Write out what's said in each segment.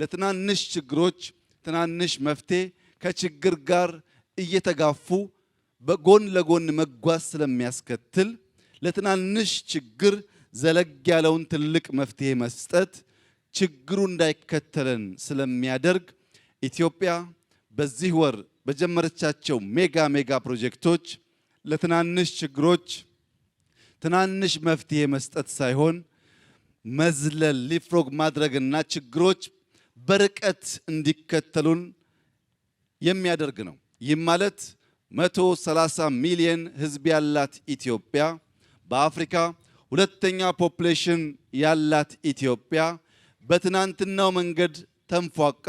ለትናንሽ ችግሮች ትናንሽ መፍትሄ ከችግር ጋር እየተጋፉ በጎን ለጎን መጓዝ ስለሚያስከትል ለትናንሽ ችግር ዘለግ ያለውን ትልቅ መፍትሄ መስጠት ችግሩ እንዳይከተለን ስለሚያደርግ ኢትዮጵያ በዚህ ወር በጀመረቻቸው ሜጋ ሜጋ ፕሮጀክቶች ለትናንሽ ችግሮች ትናንሽ መፍትሄ መስጠት ሳይሆን መዝለል ሊፍሮግ ማድረግና ችግሮች በርቀት እንዲከተሉን የሚያደርግ ነው። ይህም ማለት 130 ሚሊየን ህዝብ ያላት ኢትዮጵያ በአፍሪካ ሁለተኛ ፖፕሌሽን ያላት ኢትዮጵያ በትናንትናው መንገድ ተንፏቃ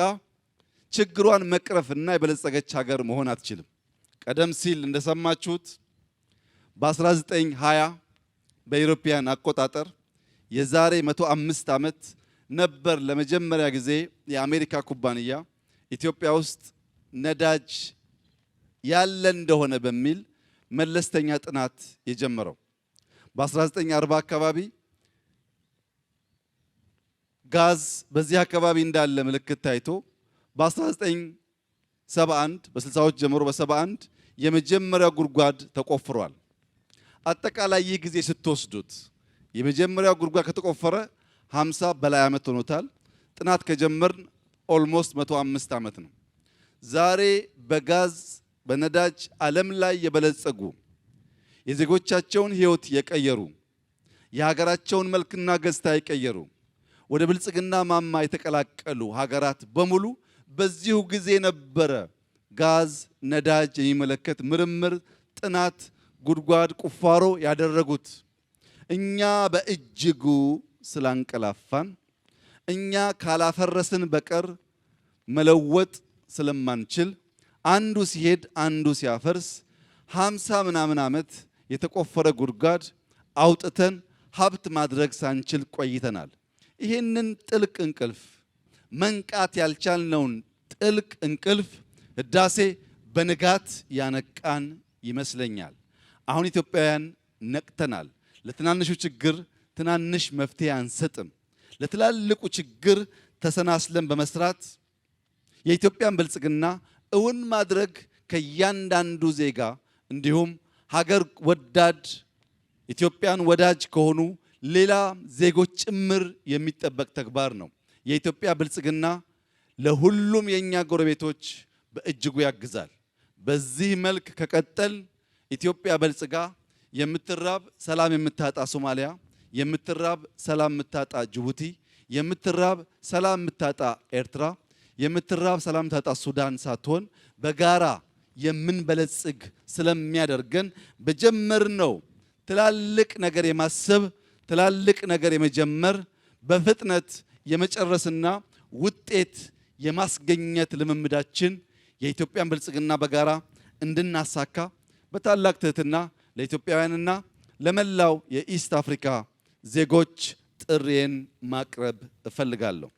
ችግሯን መቅረፍና የበለጸገች ሀገር መሆን አትችልም። ቀደም ሲል እንደሰማችሁት በ1920 በኢሮፒያን አቆጣጠር የዛሬ 105 ዓመት ነበር ለመጀመሪያ ጊዜ የአሜሪካ ኩባንያ ኢትዮጵያ ውስጥ ነዳጅ ያለ እንደሆነ በሚል መለስተኛ ጥናት የጀመረው። በ1940 አካባቢ ጋዝ በዚህ አካባቢ እንዳለ ምልክት ታይቶ በ1971 በ60ዎች ጀምሮ በ71 የመጀመሪያው ጉድጓድ ተቆፍሯል። አጠቃላይ ይህ ጊዜ ስትወስዱት የመጀመሪያው ጉድጓድ ከተቆፈረ 50 በላይ ዓመት ሆኖታል። ጥናት ከጀመርን ኦልሞስት 105 ዓመት ነው። ዛሬ በጋዝ በነዳጅ ዓለም ላይ የበለጸጉ የዜጎቻቸውን ሕይወት የቀየሩ የሀገራቸውን መልክና ገጽታ የቀየሩ ወደ ብልጽግና ማማ የተቀላቀሉ ሀገራት በሙሉ በዚሁ ጊዜ ነበረ ጋዝ ነዳጅ የሚመለከት ምርምር፣ ጥናት፣ ጉድጓድ ቁፋሮ ያደረጉት። እኛ በእጅጉ ስላንቀላፋን እኛ ካላፈረስን በቀር መለወጥ ስለማንችል አንዱ ሲሄድ አንዱ ሲያፈርስ ሀምሳ ምናምን ዓመት የተቆፈረ ጉድጓድ አውጥተን ሀብት ማድረግ ሳንችል ቆይተናል። ይህንን ጥልቅ እንቅልፍ መንቃት ያልቻልነውን ጥልቅ እንቅልፍ ህዳሴ በንጋት ያነቃን ይመስለኛል። አሁን ኢትዮጵያውያን ነቅተናል። ለትናንሹ ችግር ትናንሽ መፍትሄ አንሰጥም። ለትላልቁ ችግር ተሰናስለን በመስራት የኢትዮጵያን ብልጽግና እውን ማድረግ ከእያንዳንዱ ዜጋ እንዲሁም ሀገር ወዳድ ኢትዮጵያን ወዳጅ ከሆኑ ሌላ ዜጎች ጭምር የሚጠበቅ ተግባር ነው። የኢትዮጵያ ብልጽግና ለሁሉም የእኛ ጎረቤቶች በእጅጉ ያግዛል። በዚህ መልክ ከቀጠል ኢትዮጵያ በልጽጋ የምትራብ ሰላም የምታጣ ሶማሊያ የምትራብ ሰላም የምታጣ ጅቡቲ፣ የምትራብ ሰላም የምታጣ ኤርትራ፣ የምትራብ ሰላም የምታጣ ሱዳን ሳትሆን በጋራ የምንበለጽግ ስለሚያደርገን በጀመርነው ትላልቅ ነገር የማሰብ ትላልቅ ነገር የመጀመር በፍጥነት የመጨረስና ውጤት የማስገኘት ልምምዳችን የኢትዮጵያን ብልጽግና በጋራ እንድናሳካ በታላቅ ትህትና ለኢትዮጵያውያንና ለመላው የኢስት አፍሪካ ዜጎች ጥሪዬን ማቅረብ እፈልጋለሁ።